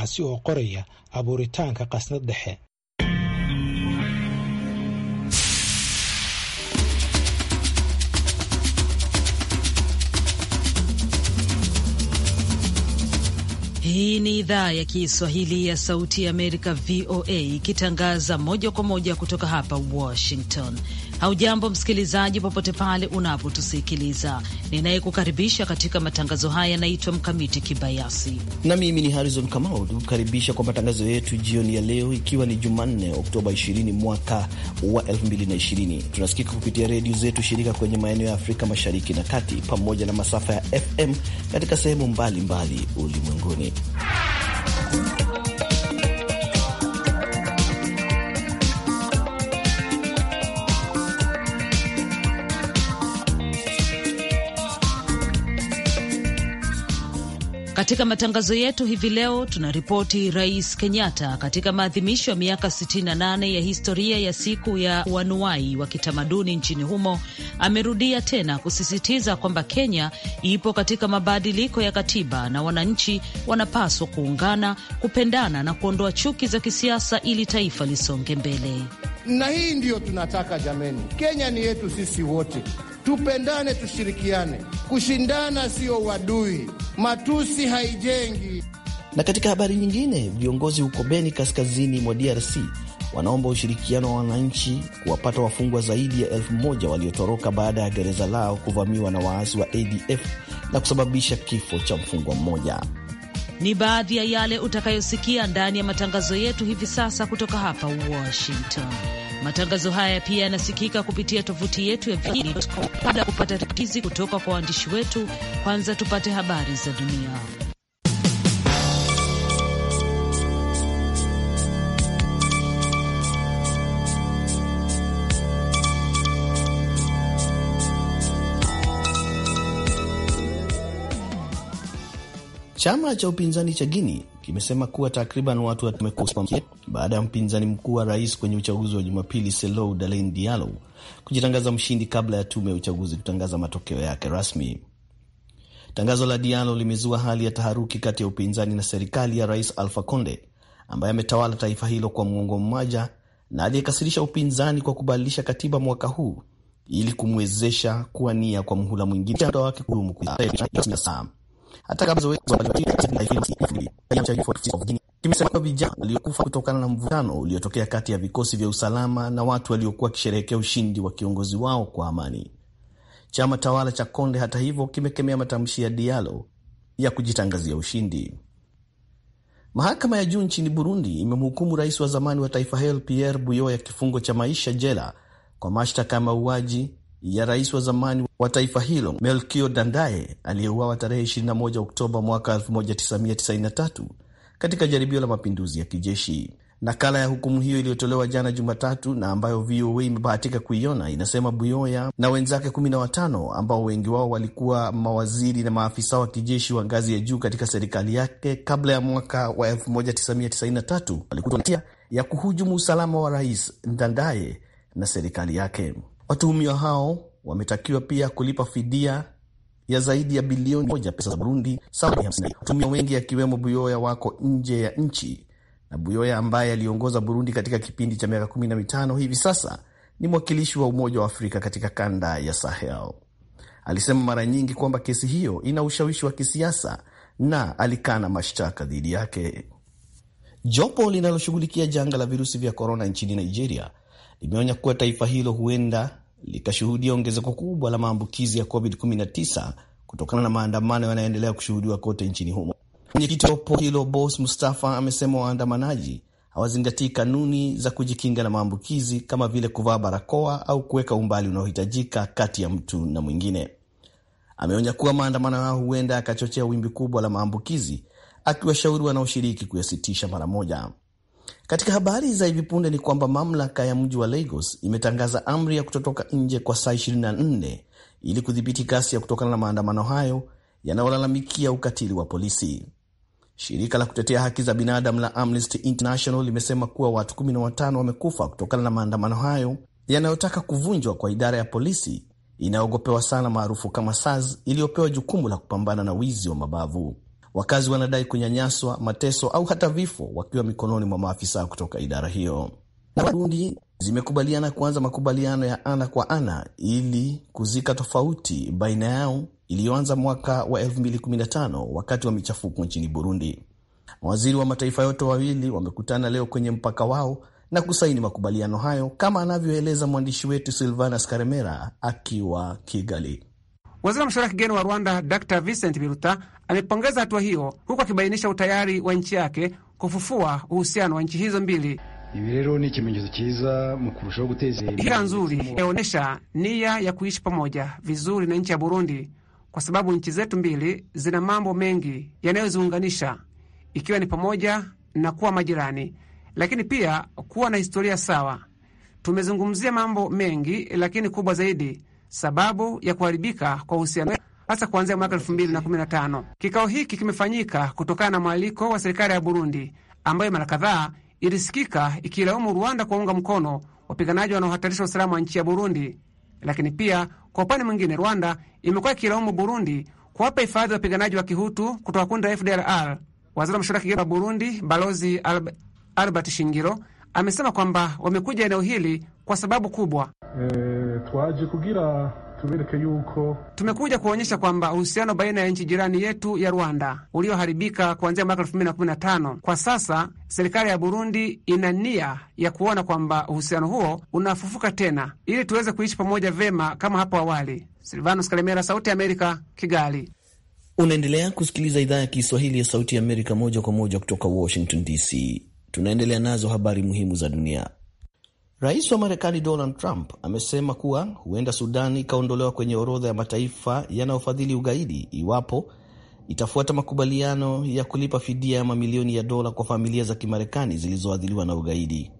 kaasi oo qoraya abuuritaanka qasnad dhexe Hii ni idhaa ya Kiswahili ya Sauti ya Amerika, VOA, ikitangaza moja kwa moja kutoka hapa Washington. Haujambo msikilizaji, popote pale unapotusikiliza. Ninayekukaribisha katika matangazo haya yanaitwa Mkamiti Kibayasi na mimi ni Harrison Kamau, nikukaribisha kwa matangazo yetu jioni ya leo, ikiwa ni Jumanne Oktoba 20 mwaka wa 2020. Tunasikika kupitia redio zetu shirika kwenye maeneo ya Afrika Mashariki na Kati pamoja na masafa ya FM katika sehemu mbalimbali ulimwenguni. Katika matangazo yetu hivi leo tunaripoti Rais Kenyatta katika maadhimisho ya miaka 68 ya historia ya siku ya wanuai wa kitamaduni nchini humo amerudia tena kusisitiza kwamba Kenya ipo katika mabadiliko ya katiba na wananchi wanapaswa kuungana, kupendana na kuondoa chuki za kisiasa ili taifa lisonge mbele. Na hii ndiyo tunataka jameni, Kenya ni yetu sisi wote. Tupendane, tushirikiane. Kushindana sio uadui, matusi haijengi. Na katika habari nyingine, viongozi huko Beni, kaskazini mwa DRC, wanaomba ushirikiano wa wananchi kuwapata wafungwa zaidi ya elfu moja waliotoroka baada ya gereza lao kuvamiwa na waasi wa ADF na kusababisha kifo cha mfungwa mmoja. Ni baadhi ya yale utakayosikia ndani ya matangazo yetu hivi sasa kutoka hapa Washington. Matangazo haya pia yanasikika kupitia tovuti yetu ya kupata tizi kutoka kwa waandishi wetu, kwanza tupate habari za dunia. Chama cha upinzani cha Guini kimesema kuwa takriban watu wamekufa baada ya mpinzani mkuu wa rais kwenye uchaguzi wa Jumapili, Selou Dalein Dialo, kujitangaza mshindi kabla ya tume ya uchaguzi kutangaza matokeo yake rasmi. Tangazo la Dialo limezua hali ya taharuki kati ya upinzani na serikali ya rais Alfa Conde ambaye ametawala taifa hilo kwa mwongo mmoja na aliyekasirisha upinzani kwa kubadilisha katiba mwaka huu ili kumwezesha kuwania kwa mhula mwingine wake kudumu hata kimesema vijana waliokufa kutokana na mvutano uliotokea kati ya vikosi vya usalama na watu waliokuwa wakisherehekea ushindi wa kiongozi wao kwa amani. Chama tawala cha Konde hata hivyo kimekemea matamshi ya Dialo ya kujitangazia ushindi. Mahakama ya juu nchini Burundi imemhukumu rais wa zamani wa taifa hilo Pierre Buyoya kifungo cha maisha jela kwa mashtaka ya mauaji, ya rais wa zamani wa taifa hilo Melkio dandae aliyeuawa tarehe 21 Oktoba mwaka 1993 katika jaribio la mapinduzi ya kijeshi. Nakala ya hukumu hiyo iliyotolewa jana Jumatatu na ambayo VOA imebahatika kuiona inasema Buyoya na wenzake 15 ambao wengi wao walikuwa mawaziri na maafisa wa kijeshi wa ngazi ya juu katika serikali yake kabla ya mwaka wa 1993 walikutwa na hatia ya kuhujumu usalama wa rais Ndandaye na serikali yake. Watuhumiwa hao wametakiwa pia kulipa fidia ya zaidi ya bilioni moja pesa za Burundi sawa na hamsini. Watuhumiwa wengi akiwemo Buyoya wako nje ya nchi, na Buyoya ambaye aliongoza Burundi katika kipindi cha miaka kumi na mitano hivi sasa ni mwakilishi wa Umoja wa Afrika katika kanda ya Sahel. Alisema mara nyingi kwamba kesi hiyo ina ushawishi wa kisiasa na alikana mashtaka dhidi yake. Jopo linaloshughulikia janga la virusi vya korona nchini Nigeria limeonya kuwa taifa hilo huenda likashuhudia ongezeko kubwa la maambukizi ya COVID-19 kutokana na maandamano yanayoendelea kushuhudiwa kote nchini humo. Mwenyekiti wa jopo hilo Bos Mustafa amesema waandamanaji hawazingatii kanuni za kujikinga na maambukizi kama vile kuvaa barakoa au kuweka umbali unaohitajika kati ya mtu na mwingine. Ameonya kuwa maandamano yao huenda yakachochea wimbi kubwa la maambukizi, akiwashauri wanaoshiriki kuyasitisha mara moja. Katika habari za hivi punde ni kwamba mamlaka ya mji wa Lagos imetangaza amri ya kutotoka nje kwa saa 24 ili kudhibiti ya kutokana na maandamano hayo yanayolalamikia ukatili wa polisi. Shirika la kutetea haki za binadamu la Amnesty International limesema kuwa watu 15 wamekufa kutokana na maandamano hayo yanayotaka kuvunjwa kwa idara ya polisi inayoogopewa sana maarufu kama SARS iliyopewa jukumu la kupambana na wizi wa mabavu. Wakazi wanadai kunyanyaswa, mateso au hata vifo wakiwa mikononi mwa maafisa kutoka idara hiyo. Burundi zimekubaliana kuanza makubaliano ya ana kwa ana ili kuzika tofauti baina yao iliyoanza mwaka wa 2015 wakati wa michafuko nchini Burundi. Mawaziri wa mataifa yote wawili wamekutana leo kwenye mpaka wao na kusaini makubaliano hayo, kama anavyoeleza mwandishi wetu Silvanas Karemera akiwa Kigali. Waziri wa mashauri ya kigeni wa Rwanda Dr Vincent Biruta amepongeza hatua hiyo huku akibainisha utayari wa nchi yake kufufua uhusiano wa nchi hizo mbili. Hila nzuri yaonyesha nia ya kuishi pamoja vizuri na nchi ya Burundi, kwa sababu nchi zetu mbili zina mambo mengi yanayoziunganisha, ikiwa ni pamoja na kuwa majirani, lakini pia kuwa na historia sawa. Tumezungumzia mambo mengi, lakini kubwa zaidi sababu ya kuharibika kwa uhusiano hasa kuanzia mwaka tano. Kikao hiki kimefanyika kutokana na mwaliko wa serikali ya Burundi ambayo mara kadhaa ilisikika ikilaumu Rwanda kuwaunga mkono wapiganaji wanaohatarisha usalama wa nchi ya Burundi. Lakini pia kwa upande mwingine, Rwanda imekuwa ikilaumu Burundi kuwapa hifadhi wapiganaji wa kihutu kutoka kundi la FDLR. Waziri wa mashauri ya kigeni wa Burundi Balozi Albert Shingiro amesema kwamba wamekuja eneo hili kwa sababu kubwa e, twaje kugira tubereke yuko tumekuja kuonyesha kwamba uhusiano baina ya nchi jirani yetu ya Rwanda ulioharibika kuanzia mwaka 2015 kwa sasa, serikali ya Burundi ina nia ya kuona kwamba uhusiano huo unafufuka tena ili tuweze kuishi pamoja vema kama hapo awali. Silvanus Kalemera, Sauti ya Amerika, Kigali. Unaendelea kusikiliza idhaa ya Kiswahili ya Sauti ya Amerika moja kwa moja kutoka Washington DC. Tunaendelea nazo habari muhimu za dunia. Rais wa Marekani Donald Trump amesema kuwa huenda Sudan ikaondolewa kwenye orodha ya mataifa yanayofadhili ugaidi iwapo itafuata makubaliano ya kulipa fidia ya mamilioni ya dola kwa familia za Kimarekani zilizoadhiliwa na ugaidi.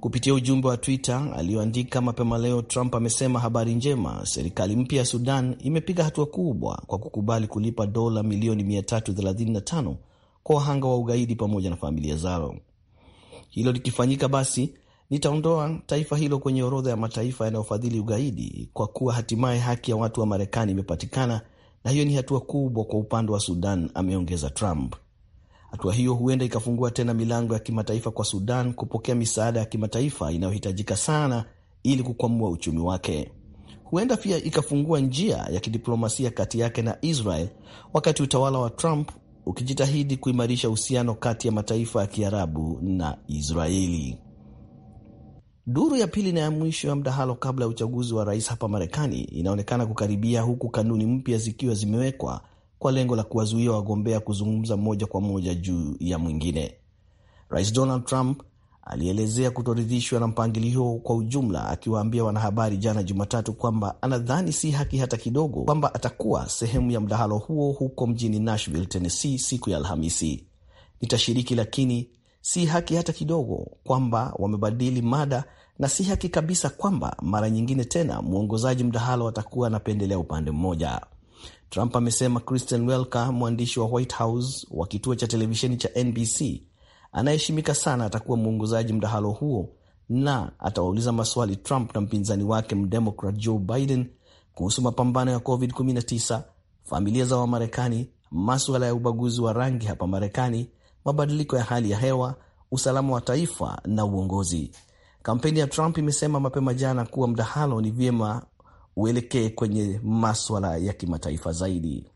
Kupitia ujumbe wa Twitter aliyoandika mapema leo, Trump amesema habari njema, serikali mpya ya Sudan imepiga hatua kubwa kwa kukubali kulipa dola milioni 335 kwa wahanga wa ugaidi pamoja na familia zao. Hilo likifanyika basi nitaondoa taifa hilo kwenye orodha ya mataifa yanayofadhili ugaidi kwa kuwa hatimaye haki ya watu wa Marekani imepatikana na hiyo ni hatua kubwa kwa upande wa Sudan, ameongeza Trump. Hatua hiyo huenda ikafungua tena milango ya kimataifa kwa Sudan kupokea misaada ya kimataifa inayohitajika sana ili kukwamua uchumi wake. Huenda pia ikafungua njia ya kidiplomasia kati yake na Israel, wakati utawala wa Trump ukijitahidi kuimarisha uhusiano kati ya mataifa ya Kiarabu na Israeli. Duru ya pili na ya mwisho ya mdahalo kabla ya uchaguzi wa rais hapa Marekani inaonekana kukaribia, huku kanuni mpya zikiwa zimewekwa kwa lengo la kuwazuia wagombea kuzungumza moja kwa moja juu ya mwingine. Rais Donald Trump alielezea kutoridhishwa na mpangilio kwa ujumla, akiwaambia wanahabari jana Jumatatu kwamba anadhani si haki hata kidogo kwamba atakuwa sehemu ya mdahalo huo huko mjini Nashville, Tennessee siku ya Alhamisi. Nitashiriki, lakini Si haki hata kidogo kwamba wamebadili mada na si haki kabisa kwamba mara nyingine tena mwongozaji mdahalo atakuwa anapendelea upande mmoja. Trump amesema Kristen Welker, mwandishi wa White House wa kituo cha televisheni cha NBC anayeheshimika sana, atakuwa mwongozaji mdahalo huo na atawauliza maswali Trump na mpinzani wake mdemokrat Joe Biden kuhusu mapambano ya COVID-19, familia za Wamarekani, maswala ya ubaguzi wa rangi hapa Marekani mabadiliko ya hali ya hewa, usalama wa taifa na uongozi. Kampeni ya Trump imesema mapema jana kuwa mdahalo ni vyema uelekee kwenye maswala ya kimataifa zaidi.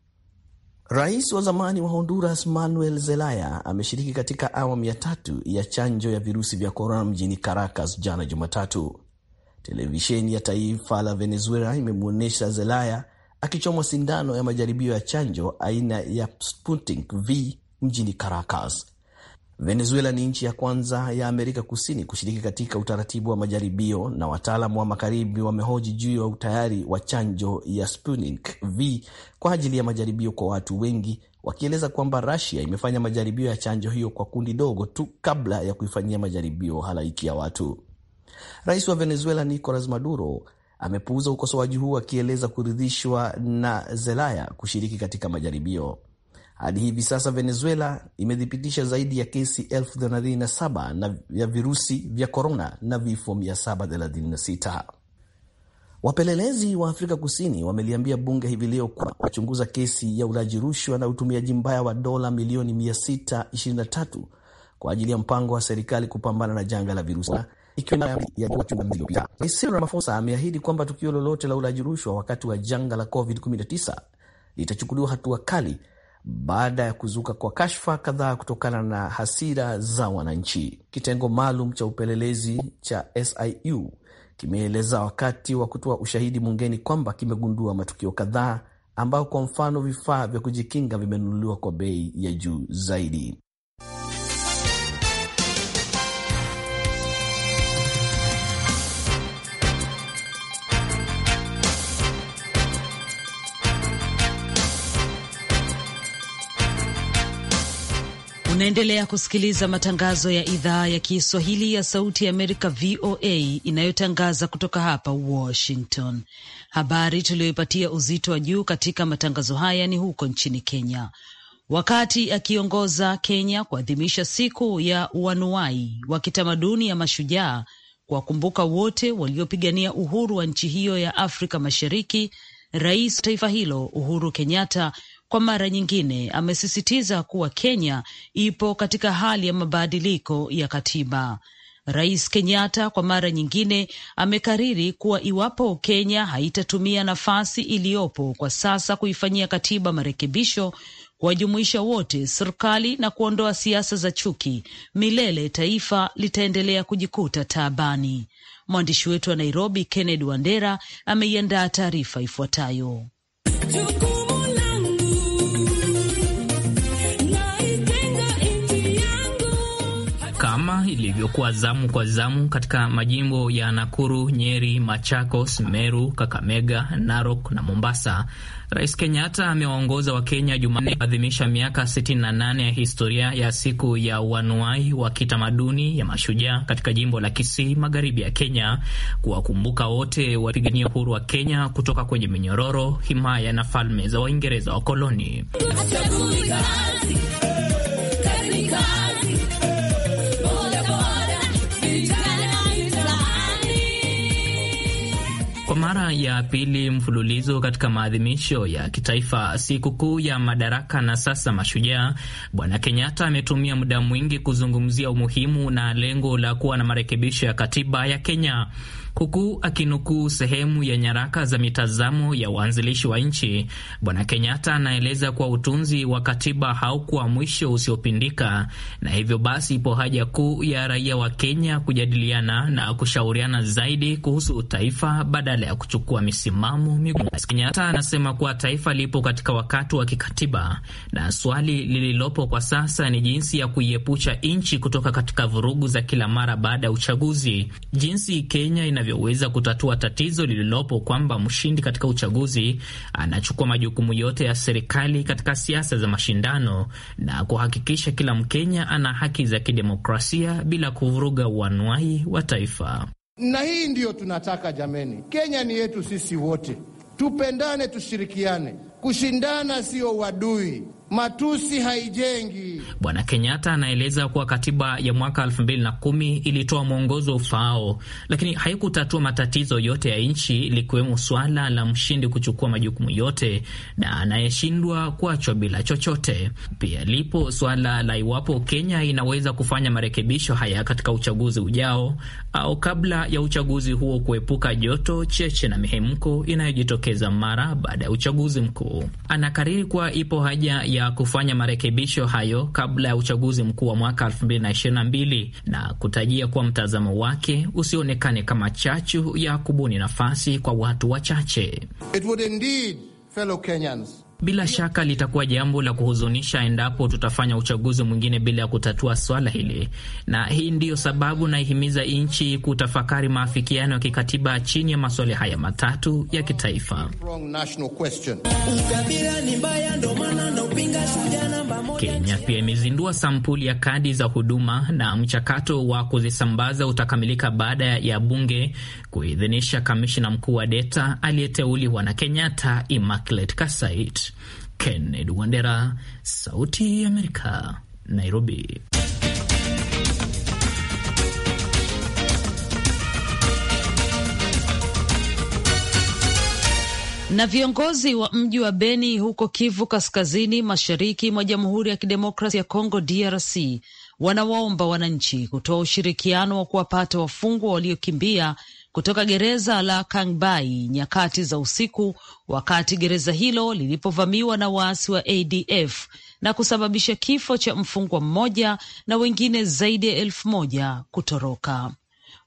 Rais wa zamani wa Honduras Manuel Zelaya ameshiriki katika awamu ya tatu ya chanjo ya virusi vya korona mjini Caracas jana Jumatatu. Televisheni ya taifa la Venezuela imemwonyesha Zelaya akichomwa sindano ya majaribio ya chanjo aina ya Sputnik V mjini Caracas. Venezuela ni nchi ya kwanza ya Amerika Kusini kushiriki katika utaratibu wa majaribio, na wataalamu wa magharibi wamehoji juu ya utayari wa chanjo ya Sputnik V kwa ajili ya majaribio kwa watu wengi, wakieleza kwamba Russia imefanya majaribio ya chanjo hiyo kwa kundi dogo tu kabla ya kuifanyia majaribio halaiki ya watu. Rais wa Venezuela Nicolas Maduro amepuuza ukosoaji huu akieleza kuridhishwa na Zelaya kushiriki katika majaribio. Hadi hivi sasa Venezuela imethibitisha zaidi ya kesi elfu 37 ya virusi vya korona na vifo 736. Wapelelezi wa Afrika Kusini wameliambia bunge hivi leo kuwa wachunguza kesi ya ulaji rushwa na utumiaji mbaya wa dola milioni 623 kwa ajili ya mpango wa serikali kupambana na janga la virusi Rais Ramaphosa ameahidi kwamba tukio lolote la ulaji rushwa wakati wa janga la COVID-19 litachukuliwa hatua kali baada ya kuzuka kwa kashfa kadhaa kutokana na hasira za wananchi. Kitengo maalum cha upelelezi cha SIU kimeeleza wakati wa kutoa ushahidi bungeni kwamba kimegundua matukio kadhaa ambayo, kwa mfano, vifaa vya kujikinga vimenunuliwa kwa bei ya juu zaidi. Unaendelea kusikiliza matangazo ya idhaa ya Kiswahili ya Sauti ya Amerika, VOA, inayotangaza kutoka hapa Washington. Habari tuliyoipatia uzito wa juu katika matangazo haya ni huko nchini Kenya. Wakati akiongoza Kenya kuadhimisha siku ya uanuai wa kitamaduni ya mashujaa kuwakumbuka wote waliopigania uhuru wa nchi hiyo ya Afrika Mashariki, rais wa taifa hilo Uhuru Kenyatta kwa mara nyingine amesisitiza kuwa Kenya ipo katika hali ya mabadiliko ya katiba. Rais Kenyatta kwa mara nyingine amekariri kuwa iwapo Kenya haitatumia nafasi iliyopo kwa sasa kuifanyia katiba marekebisho, kuwajumuisha wote, serikali na kuondoa siasa za chuki, milele taifa litaendelea kujikuta taabani. Mwandishi wetu wa Nairobi, Kennedy Wandera, ameiandaa taarifa ifuatayo. ilivyokuwa zamu kwa zamu katika majimbo ya Nakuru, Nyeri, Machakos, Meru, Kakamega, Narok na Mombasa. Rais Kenyatta amewaongoza Wakenya Jumanne kuadhimisha miaka 68 ya historia ya siku ya uanuai wa kitamaduni ya mashujaa katika jimbo la Kisii, magharibi ya Kenya, kuwakumbuka wote wapigania uhuru wa Kenya kutoka kwenye minyororo, himaya na falme za Waingereza wa koloni. Kwa mara ya pili mfululizo katika maadhimisho ya kitaifa sikukuu ya Madaraka na sasa Mashujaa, Bwana Kenyatta ametumia muda mwingi kuzungumzia umuhimu na lengo la kuwa na marekebisho ya katiba ya Kenya. Huku akinukuu sehemu ya nyaraka za mitazamo ya waanzilishi wa nchi, Bwana Kenyatta anaeleza kuwa utunzi wa katiba haukuwa mwisho usiopindika, na hivyo basi ipo haja kuu ya raia wa Kenya kujadiliana na kushauriana zaidi kuhusu taifa badala ya kuchukua misimamo migumu. Kenyatta anasema kuwa taifa lipo katika wakati wa kikatiba na swali lililopo kwa sasa ni jinsi ya kuiepusha nchi kutoka katika vurugu za kila mara baada ya uchaguzi, jinsi Kenya inavyo vinavyoweza kutatua tatizo lililopo kwamba mshindi katika uchaguzi anachukua majukumu yote ya serikali katika siasa za mashindano na kuhakikisha kila Mkenya ana haki za kidemokrasia bila kuvuruga uanuai wa taifa. Na hii ndiyo tunataka jameni, Kenya ni yetu sisi wote, tupendane, tushirikiane. Kushindana sio uadui, matusi haijengi. Bwana Kenyatta anaeleza kuwa katiba ya mwaka 2010 ilitoa mwongozo ufaao, lakini haikutatua matatizo yote ya nchi, likiwemo swala la mshindi kuchukua majukumu yote na anayeshindwa kuachwa bila chochote. Pia lipo swala la iwapo Kenya inaweza kufanya marekebisho haya katika uchaguzi ujao au kabla ya uchaguzi huo, kuepuka joto cheche na mihemko inayojitokeza mara baada ya uchaguzi mkuu. Anakariri kuwa ipo haja ya kufanya marekebisho hayo kabla ya uchaguzi mkuu wa mwaka 2022 na kutajia kuwa mtazamo wake usionekane kama chachu ya kubuni nafasi kwa watu wachache. It would indeed, fellow Kenyans bila shaka litakuwa jambo la kuhuzunisha endapo tutafanya uchaguzi mwingine bila ya kutatua swala hili, na hii ndiyo sababu naihimiza nchi kutafakari maafikiano ya kikatiba chini ya maswali haya matatu ya kitaifa. Kenya pia imezindua sampuli ya kadi za huduma na mchakato wa kuzisambaza utakamilika baada ya bunge kuidhinisha kamishina mkuu wa deta aliyeteuliwa na Kenyatta, Immaculate Kasait. Kennedy Wandera, Sauti ya Amerika, Nairobi. Na viongozi wa mji wa Beni huko Kivu Kaskazini, mashariki mwa Jamhuri ya Kidemokrasi ya Kongo, DRC, wanawaomba wananchi kutoa ushirikiano wa kuwapata wafungwa waliokimbia kutoka gereza la Kangbai nyakati za usiku, wakati gereza hilo lilipovamiwa na waasi wa ADF na kusababisha kifo cha mfungwa mmoja na wengine zaidi ya elfu moja kutoroka.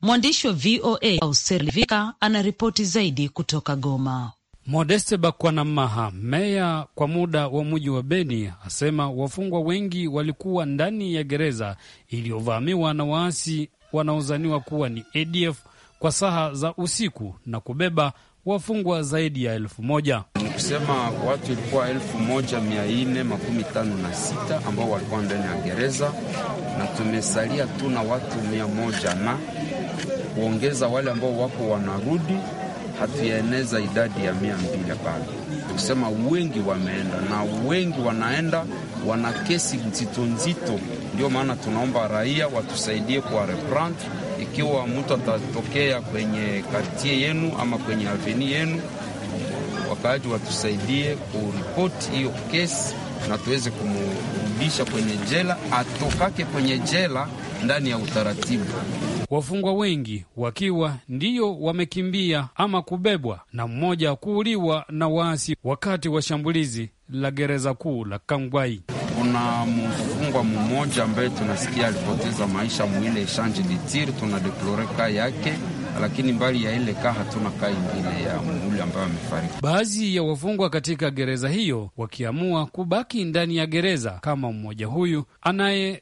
Mwandishi wa VOA Auserlivika anaripoti zaidi kutoka Goma. Modeste Bakwanamaha, meya kwa muda wa muji wa Beni, asema wafungwa wengi walikuwa ndani ya gereza iliyovamiwa na waasi wanaozaniwa kuwa ni ADF kwa saha za usiku na kubeba wafungwa zaidi ya elfu moja. Ni kusema watu ilikuwa elfu moja mia nne makumi tano na sita ambao walikuwa ndani ya gereza na tumesalia tu na watu mia moja na kuongeza wale ambao wako wanarudi, hatuyaeneza idadi ya mia mbili bado Nikusema wengi wameenda na wengi wanaenda wana kesi nzito nzito, ndio maana tunaomba raia watusaidie kwa reprendre ikiwa mtu atatokea kwenye kartie yenu ama kwenye aveni yenu, wakaaji watusaidie kuripoti hiyo kesi na tuweze kumrudisha kwenye jela, atokake kwenye jela ndani ya utaratibu. Wafungwa wengi wakiwa ndiyo wamekimbia ama kubebwa na mmoja kuuliwa na waasi wakati wa shambulizi la gereza kuu la Kangwai. Kuna mfungwa mmoja ambaye tunasikia alipoteza maisha mwile Shanji Litir, tunadeplore kaa yake, lakini mbali ya ile kaa hatuna kaa ingine ya mule ambayo amefariki. Baadhi ya wafungwa katika gereza hiyo wakiamua kubaki ndani ya gereza kama mmoja huyu anaye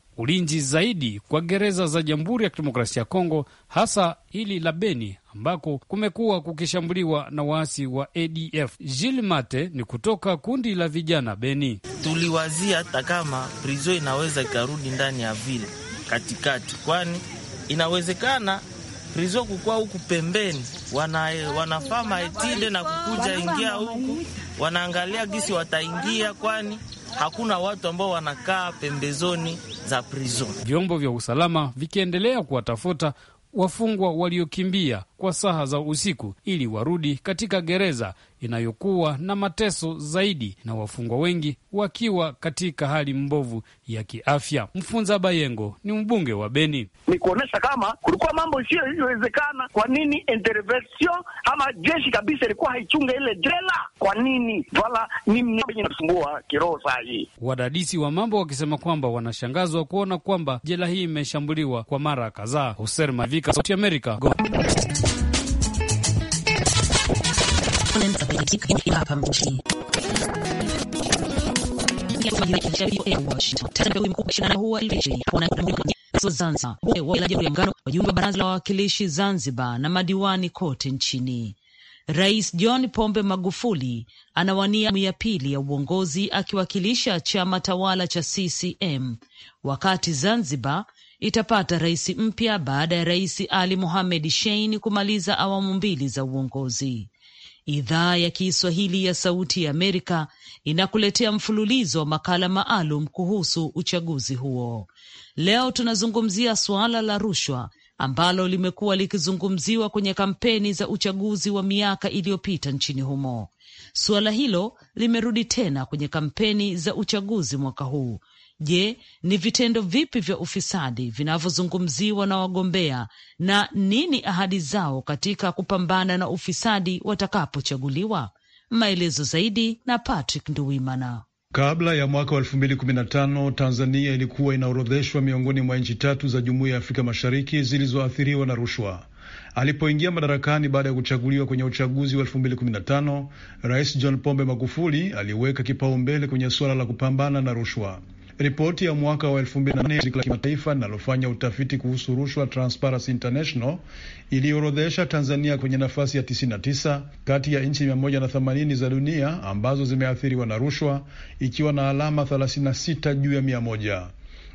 ulinzi zaidi kwa gereza za Jamhuri ya Kidemokrasia ya Kongo, hasa hili la Beni ambako kumekuwa kukishambuliwa na waasi wa ADF. Jil Mate ni kutoka kundi la vijana Beni. Tuliwazia hata kama prizo inaweza ikarudi ndani ya vile katikati, kwani inawezekana prizo kukuwa huku pembeni, wana, wanafama etide na kukuja ingia huku, wanaangalia gisi wataingia, kwani hakuna watu ambao wanakaa pembezoni za prison, vyombo vya usalama vikiendelea kuwatafuta wafungwa waliokimbia kwa saa za usiku ili warudi katika gereza inayokuwa na mateso zaidi na wafungwa wengi wakiwa katika hali mbovu ya kiafya. Mfunza Bayengo ni mbunge wa Beni. Ni kuonyesha kama kulikuwa mambo isiyo iliyowezekana. Kwa nini intervention ama jeshi kabisa ilikuwa haichunga ile jela? Kwa nini wala ni mnyenye nasumbua kiroho saa hii? Wadadisi wa mambo wakisema kwamba wanashangazwa kuona kwamba jela hii imeshambuliwa kwa mara kadhaa. Hoser Mavika, Sauti Amerika hapa mjini wajumbe wa baraza la wawakilishi Zanzibar na madiwani kote nchini. Rais John Pombe Magufuli anawania ya pili ya uongozi akiwakilisha chama tawala cha CCM, wakati Zanzibar itapata rais mpya baada ya Rais Ali Mohamed Shein kumaliza awamu mbili za uongozi. Idhaa ya Kiswahili ya Sauti ya Amerika inakuletea mfululizo wa makala maalum kuhusu uchaguzi huo. Leo tunazungumzia suala la rushwa ambalo limekuwa likizungumziwa kwenye kampeni za uchaguzi wa miaka iliyopita nchini humo. Suala hilo limerudi tena kwenye kampeni za uchaguzi mwaka huu Je, ni vitendo vipi vya ufisadi vinavyozungumziwa na wagombea na nini ahadi zao katika kupambana na ufisadi watakapochaguliwa? Maelezo zaidi na Patrick Nduwimana. Kabla ya mwaka wa 2015 Tanzania ilikuwa inaorodheshwa miongoni mwa nchi tatu za Jumuiya ya Afrika Mashariki zilizoathiriwa na rushwa. Alipoingia madarakani baada ya kuchaguliwa kwenye uchaguzi wa 2015, Rais John Pombe Magufuli aliweka kipaumbele kwenye suala la kupambana na rushwa. Ripoti ya mwaka wa 2008 shirika la kimataifa linalofanya utafiti kuhusu rushwa Transparency International iliorodhesha Tanzania kwenye nafasi ya 99 kati ya nchi 180 za dunia ambazo zimeathiriwa na rushwa ikiwa na alama 36 juu ya 100.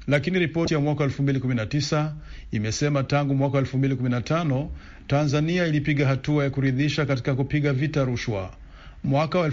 Lakini ripoti ya mwaka 2019 imesema tangu mwaka 2015 Tanzania ilipiga hatua ya kuridhisha katika kupiga vita rushwa. Mwaka wa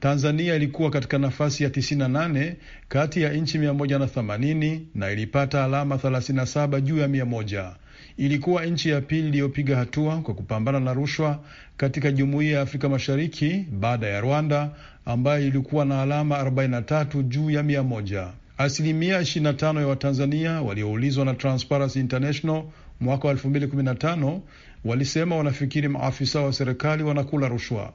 Tanzania ilikuwa katika nafasi ya 98 kati ya nchi 180 na ilipata alama 37 juu ya 100. Ilikuwa nchi ya pili iliyopiga hatua kwa kupambana na rushwa katika jumuiya ya Afrika Mashariki baada ya Rwanda ambayo ilikuwa na alama 43 juu ya 100. Asilimia 25 ya Watanzania walioulizwa na Transparency International mwaka wa 2015 walisema wanafikiri maafisa wa serikali wanakula rushwa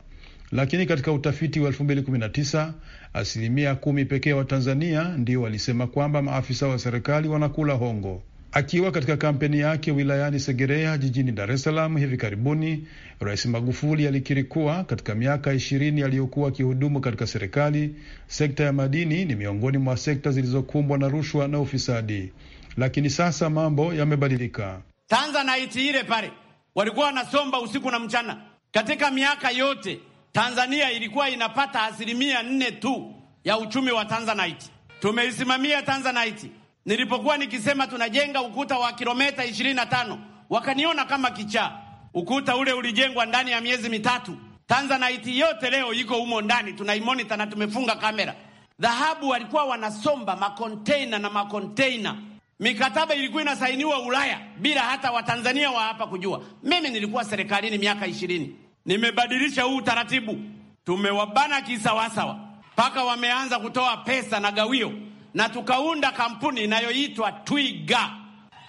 lakini katika utafiti wa 2019 asilimia kumi pekee wa Tanzania ndio walisema kwamba maafisa wa serikali wanakula hongo. Akiwa katika kampeni yake wilayani Segerea jijini Dar es Salaam hivi karibuni, Rais Magufuli alikiri kuwa katika miaka ishirini aliyokuwa akihudumu katika serikali, sekta ya madini ni miongoni mwa sekta zilizokumbwa na rushwa na ufisadi. Lakini sasa mambo yamebadilika. Tanzanite ile pale walikuwa wanasomba usiku na mchana katika miaka yote Tanzania ilikuwa inapata asilimia nne tu ya uchumi wa Tanzanite. Tumeisimamia Tanzanite. Nilipokuwa nikisema tunajenga ukuta wa kilometa tano wakaniona kama kichaa. Ukuta ule ulijengwa ndani ya miezi mitatu. Tanzanite yote leo iko humo ndani, tunaimonita na tumefunga kamera. Dhahabu walikuwa wanasomba makonteina na makonteina. Mikataba ilikuwa inasainiwa Ulaya bila hata Watanzania wa hapa kujua. Mimi nilikuwa serikalini miaka ishirini nimebadilisha huu utaratibu, tumewabana kisawasawa mpaka wameanza kutoa pesa na gawio, na tukaunda kampuni inayoitwa Twiga.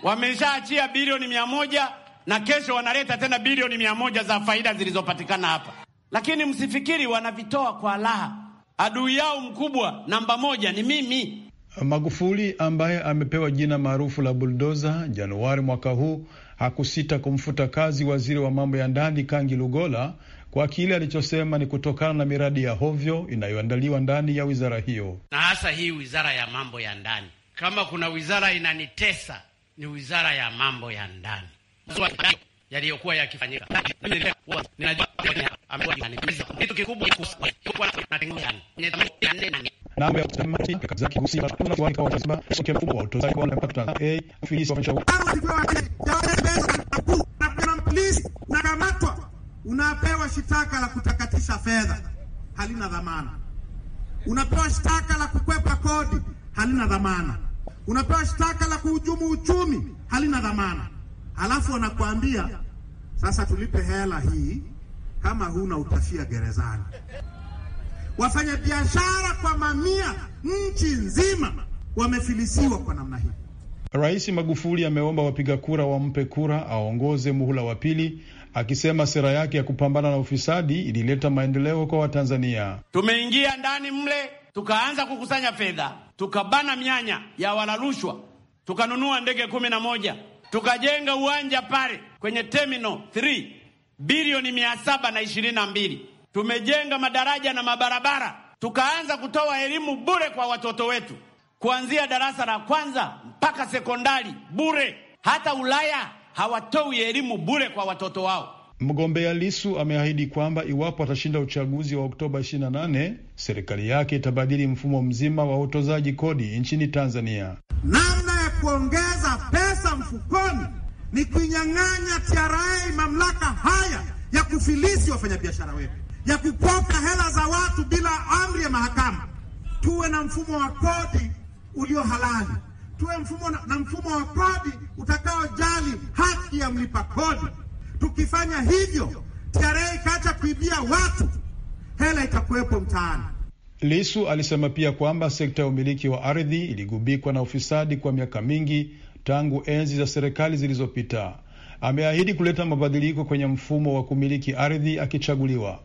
Wameshaachia bilioni mia moja na kesho wanaleta tena bilioni mia moja za faida zilizopatikana hapa, lakini msifikiri wanavitoa kwa raha. Adui yao mkubwa namba moja ni mimi. Magufuli ambaye amepewa jina maarufu la buldoza, Januari mwaka huu hakusita kumfuta kazi waziri wa mambo ya ndani Kangi Lugola kwa kile alichosema ni kutokana na miradi ya hovyo inayoandaliwa ndani ya wizara hiyo, na hasa hii wizara ya mambo ya ndani. Kama kuna wizara inanitesa ni wizara ya mambo ya ndani yaliyokuwa yakifanyika kitu kikubwa na unapewa shitaka la kutakatisha fedha, halina dhamana. Unapewa shitaka la kukwepa kodi, halina dhamana. Unapewa shitaka la kuhujumu uchumi, halina dhamana. Alafu wanakuambia sasa tulipe hela hii, kama huna utafia gerezani biashara kwa mamia nchi nzima wamefilisiwa kwa namna hii. Rais Magufuli ameomba wapiga kura wampe kura aongoze muhula wa pili, akisema sera yake ya kupambana na ufisadi ilileta maendeleo kwa Watanzania. Tumeingia ndani mle, tukaanza kukusanya fedha, tukabana mianya ya walarushwa, tukanunua ndege kumi na moja, tukajenga uwanja pale kwenye terminal 3 bilioni mia saba na ishirini na mbili tumejenga madaraja na mabarabara, tukaanza kutoa elimu bure kwa watoto wetu kuanzia darasa la kwanza mpaka sekondari bure. Hata Ulaya hawatoi elimu bure kwa watoto wao. Mgombea Lisu ameahidi kwamba iwapo atashinda uchaguzi wa Oktoba 28 serikali yake itabadili mfumo mzima wa utozaji kodi nchini Tanzania. Namna ya kuongeza pesa mfukoni ni kuinyang'anya TRA mamlaka haya ya kufilisi wafanyabiashara wetu ya kukopa hela za watu bila amri ya mahakama. Tuwe na mfumo wa kodi ulio halali, tuwe mfumo na, na mfumo wa kodi utakaojali haki ya mlipa kodi. Tukifanya hivyo, TRA ikaacha kuibia watu, hela itakuwepo mtaani. Lisu alisema pia kwamba sekta ya umiliki wa ardhi iligubikwa na ufisadi kwa miaka mingi tangu enzi za serikali zilizopita. Ameahidi kuleta mabadiliko kwenye mfumo wa kumiliki ardhi akichaguliwa.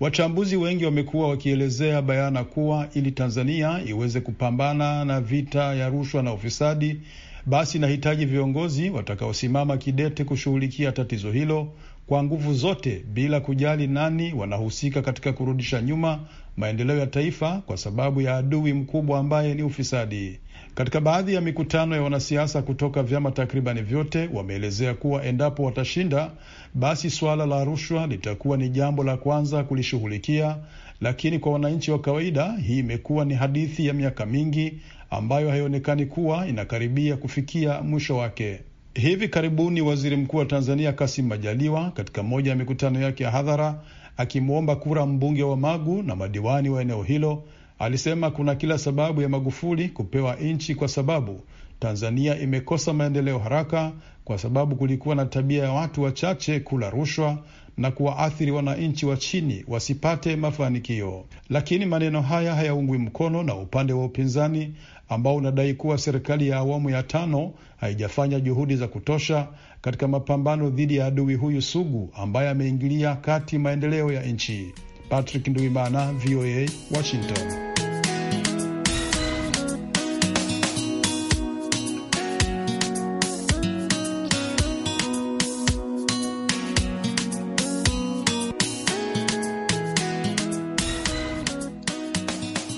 Wachambuzi wengi wamekuwa wakielezea bayana kuwa ili Tanzania iweze kupambana na vita ya rushwa na ufisadi, basi inahitaji viongozi watakaosimama kidete kushughulikia tatizo hilo kwa nguvu zote bila kujali nani wanahusika katika kurudisha nyuma maendeleo ya taifa kwa sababu ya adui mkubwa ambaye ni ufisadi. Katika baadhi ya mikutano ya wanasiasa kutoka vyama takribani vyote, wameelezea kuwa endapo watashinda, basi suala la rushwa litakuwa ni jambo la kwanza kulishughulikia, lakini kwa wananchi wa kawaida, hii imekuwa ni hadithi ya miaka mingi ambayo haionekani kuwa inakaribia kufikia mwisho wake. Hivi karibuni waziri mkuu wa Tanzania Kasim Majaliwa katika moja ya mikutano yake ya hadhara akimwomba kura mbunge wa Magu na madiwani wa eneo hilo Alisema kuna kila sababu ya Magufuli kupewa nchi kwa sababu Tanzania imekosa maendeleo haraka kwa sababu kulikuwa na tabia ya watu wachache kula rushwa na kuwaathiri wananchi wa chini wasipate mafanikio. Lakini maneno haya hayaungwi mkono na upande wa upinzani ambao unadai kuwa serikali ya awamu ya tano haijafanya juhudi za kutosha katika mapambano dhidi ya adui huyu sugu ambaye ameingilia kati maendeleo ya nchi. Patrick Nduimana, VOA Washington.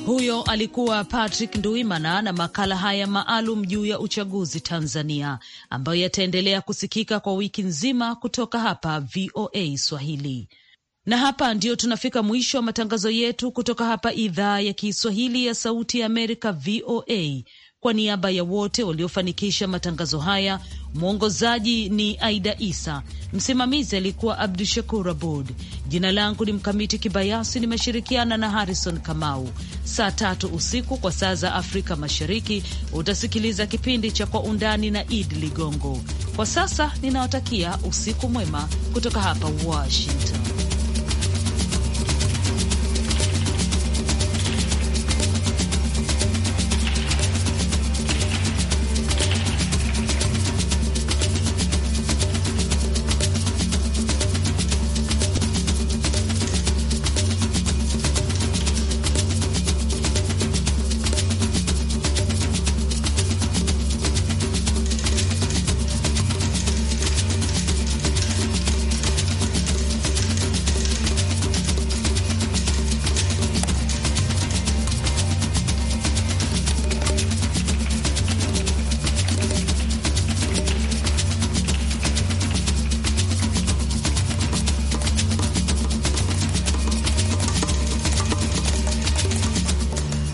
Huyo alikuwa Patrick Nduimana na makala haya maalum juu ya uchaguzi Tanzania, ambayo yataendelea kusikika kwa wiki nzima kutoka hapa VOA Swahili. Na hapa ndio tunafika mwisho wa matangazo yetu kutoka hapa idhaa ya Kiswahili ya Sauti ya Amerika, VOA. Kwa niaba ya wote waliofanikisha matangazo haya, mwongozaji ni Aida Isa, msimamizi alikuwa Abdu Shakur Abud. Jina langu ni Mkamiti Kibayasi, nimeshirikiana na Harrison Kamau. Saa tatu usiku kwa saa za Afrika Mashariki utasikiliza kipindi cha Kwa Undani na Idi Ligongo. Kwa sasa ninawatakia usiku mwema kutoka hapa Washington.